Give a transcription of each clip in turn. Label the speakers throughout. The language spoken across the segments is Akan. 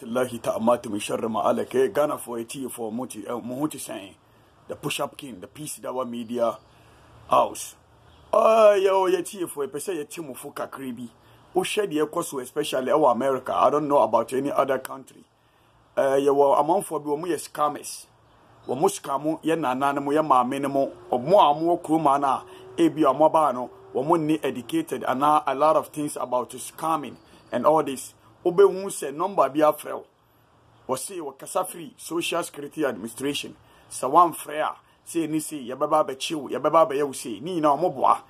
Speaker 1: Tillahi ta'amatu min sharri ma'alake. Ghana for a for Muti, uh, Muhuti saying. The push-up king, the PC Dawa Media House. Oh, yo, ye tea for a pesa ye timu fuka kribi. Ushe di ekosu, especially our America. I don't know about any other country. Uh, eh, ye wa amanfo bi wa mu ye scammers. Wa mu scamu, ye nanane mu, ye maamene mu. Omu amu okuruma na, ebi amu abano. Wa mu ni educated and a lot of things about scamming and all this. wobɛhu sɛ nɔmba bi afrɛ wo wɔse wɔkasa firi social security administration sɛ woamfrɛ a sɛ ɛni yɛbɛba abɛkye wo yɛbɛba abɛyɛ wo sei ne nyinaa ɔmoboa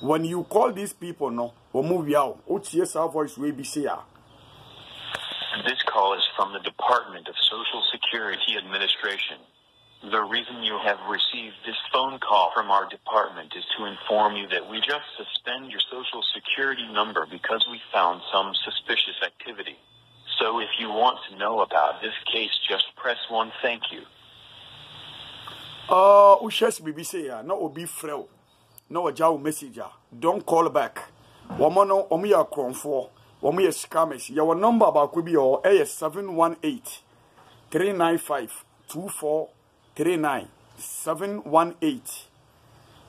Speaker 1: when you call these people no ɔmo wia wo wotie saa voice wei bi sei a This call is from the Department of Social Security Administration. The reason you have received this phone call from our department is to inform you that we just suspend your social security number because we found some suspicious activity. So if you want to know about this case, just press 1. Thank you. Uh, Ushas BBC, uh, no Obi Frel, no Ajao Messenger. Uh, don't call back. Wamano Omiya Kronfo, Omiya Scammers. Your number about could be uh, eh, 718 395 39 718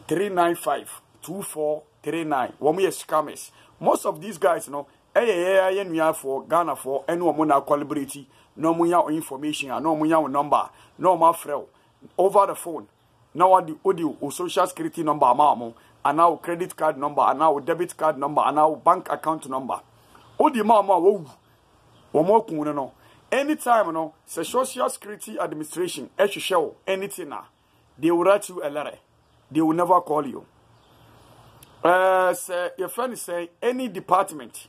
Speaker 1: 395 2439 wɔn yɛ scammers most of these guys no ɛyɛ yɛ yɛ nuafoɔ ghanafoɔ ɛne wɔn na kɔlibriti na wɔn nya information a na wɔn nya wɔn number na wɔn afrɛ o over the phone na wɔde wɔde o social security number ama wɔn anaa o credit card number anaa o debit card number anaa o bank account number wɔde ma wɔn a wɔwu wɔn akun no no anytime you know, sɛ social security administration ɛhwehwɛ wo anything na they will write you a letter they will never call you uh, your friend no sɛ any department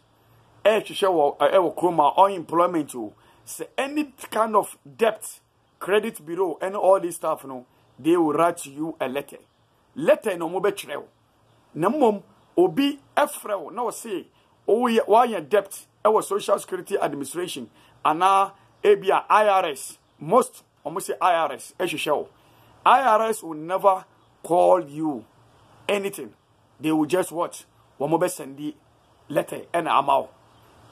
Speaker 1: ɛhwehwɛ wɔ ɛwɔ kurom a unemployment o sɛ any kind of debt credit bureau and all this stuff you know, they will write you a letter letter na ɔmo bɛtwerɛ wo na mmom obi ɛfrɛ wo na why your debt ɛwɔ social security administration anaa ebi a irs most wɔn sɛ irs ɛhyehyɛ wo irs will never call you anything they will just what wɔn bɛ sɛndi letter ɛna ama wo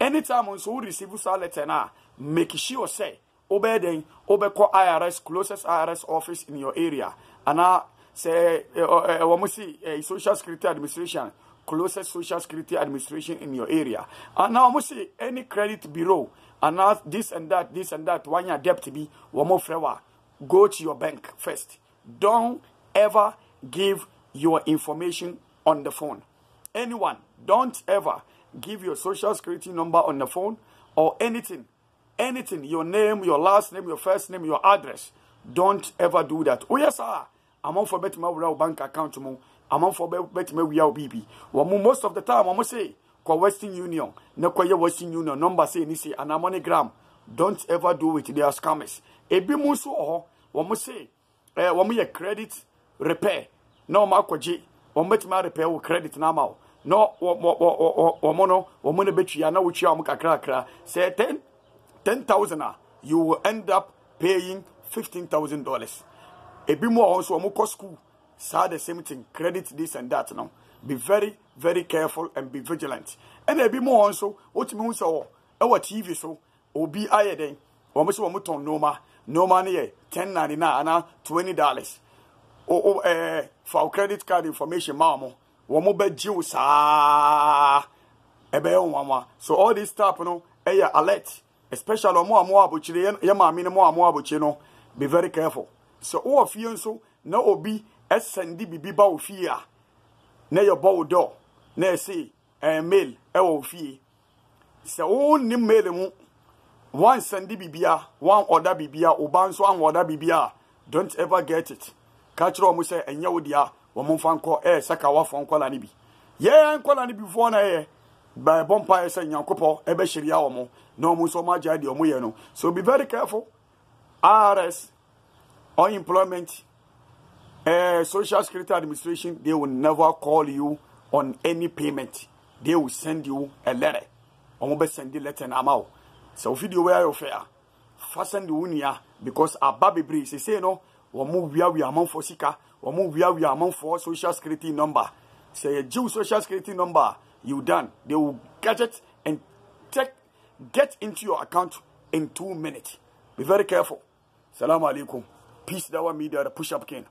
Speaker 1: anytime nso wo receive saa letter na make sure sɛ wobɛyɛ den wobɛkɔ irs closest irs office in your area anaa sɛ ɛwɔ mo si social security administration closest social security administration in your area. And now, see any credit bureau, and ask this and that, this and that, one year debt be, one more frewa. Go to your bank first. Don't ever give your information on the phone. Anyone, don't ever give your social security number on the phone or anything. Anything, your name, your last name, your first name, your address. Don't ever do that. Oh, yes, sir. I'm on for better my bank account. amanfoɔ bɛtumi awia wo biribi wɔn most of the time wɔn say kɔ western union ne kɔyɛ western union number say ni say anaa gram. don't ever do it they are scammers ebi mu nso wɔ hɔ wɔn say ɛɛ wɔn yɛ credit repair na wɔn akɔgye wɔn bɛtumi arepair wɔ credit n'ama o na wɔn no wɔn no bɛtua na wɔtua wɔn kakrakra sɛ ten ten thousand a you will end up paying fifteen thousand dollars ebi mu wɔ hɔ nso wɔn kɔ school. Say the same thing credit this and that no be very very careful and be vigilant ɛna ebi mu wɔn nso wotumi hu sɛ wɔ ɛwɔ tv so obi ayɛ dɛn wɔn sɛ wɔn tɔn nneɛma nneɛma no money. Eh, ten ninety nine ana twenty dollars o o eh for credit card information maa mo wɔn bɛ gyew saa ɛbɛyɛ wɔn ama so all this stuff, you know, ɛyɛ eh, alert especially on more wɔn abotire yɛ maame no wɔn a wɔn no be very careful so wɔwɔ fie nso na obi ɛsɛn de biribi ba wo fie a na yɛbɔ wo dɔ na ɛse ɛɛ eh, mail ɛwɔ wo fie sɛ wonni mail mu wansɛn de biribi a wan ɔda biribi a wo ba nso an ɔda biribi a don't ever get it ka kyerɛ wɔn sɛ ɛnyɛ wo deɛ wɔn mfa nkɔ ɛɛ eh, sɛ ka wafɔ nkɔla no bi yɛn nkɔla no bi foɔ na yɛ bɛɛbɔ mpa yɛ sɛ nyankopɔ ɛbɛhyiria wɔn na wɔn nso wɔn agya deɛ wɔn yɛ no so be very careful rs unemployment uh, social security administration they will never call you on any payment they will send you a letter ɔmo bɛ send letter na ama wo sɛ o fidie wɛyɛ o fɛ a fa send wo nia because aba bebree sese no wɔn mo wiawia amanfoɔ sika wɔn mo wiawia amanfoɔ social security number sɛ yɛ gyew social security number you done they will gadget and take get into your account in two minutes be very careful salaam alaikum peace dawa media the push up king.